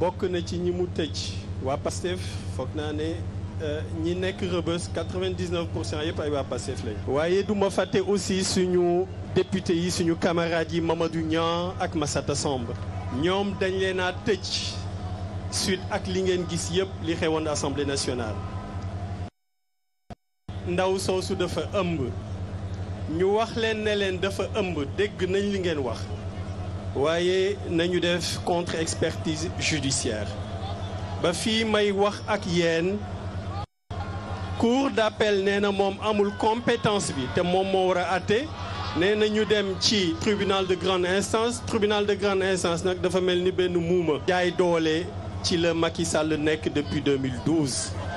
bokk na ci ñi mu tëj waa Pastef foog naa ne euh, ñi nekk rëbës 99 pour cent yëpp ay waa Pastef lañu. waaye du ma fàtte aussi suñu député yi suñu camarades yi Mamadou Niang ak Massata Samb ñoom dañ leen a tëj suite ak li ngeen gis yëpp li xewoon assemblée nationale. ndaw soosu dafa ëmb ñu wax leen ne leen dafa ëmb dégg nañ li ngeen wax. waaye nañu def contre expertise judiciaire ba fi may wax ak yéen cour d'appel nee na moom amul compétence bi te moom moo war a àtte nee na ñu dem ci tribunal de grande instance tribunal de grande instance nag dafa mel ni benn muuma jaay doole ci la Macky Sall nekk depuis 2012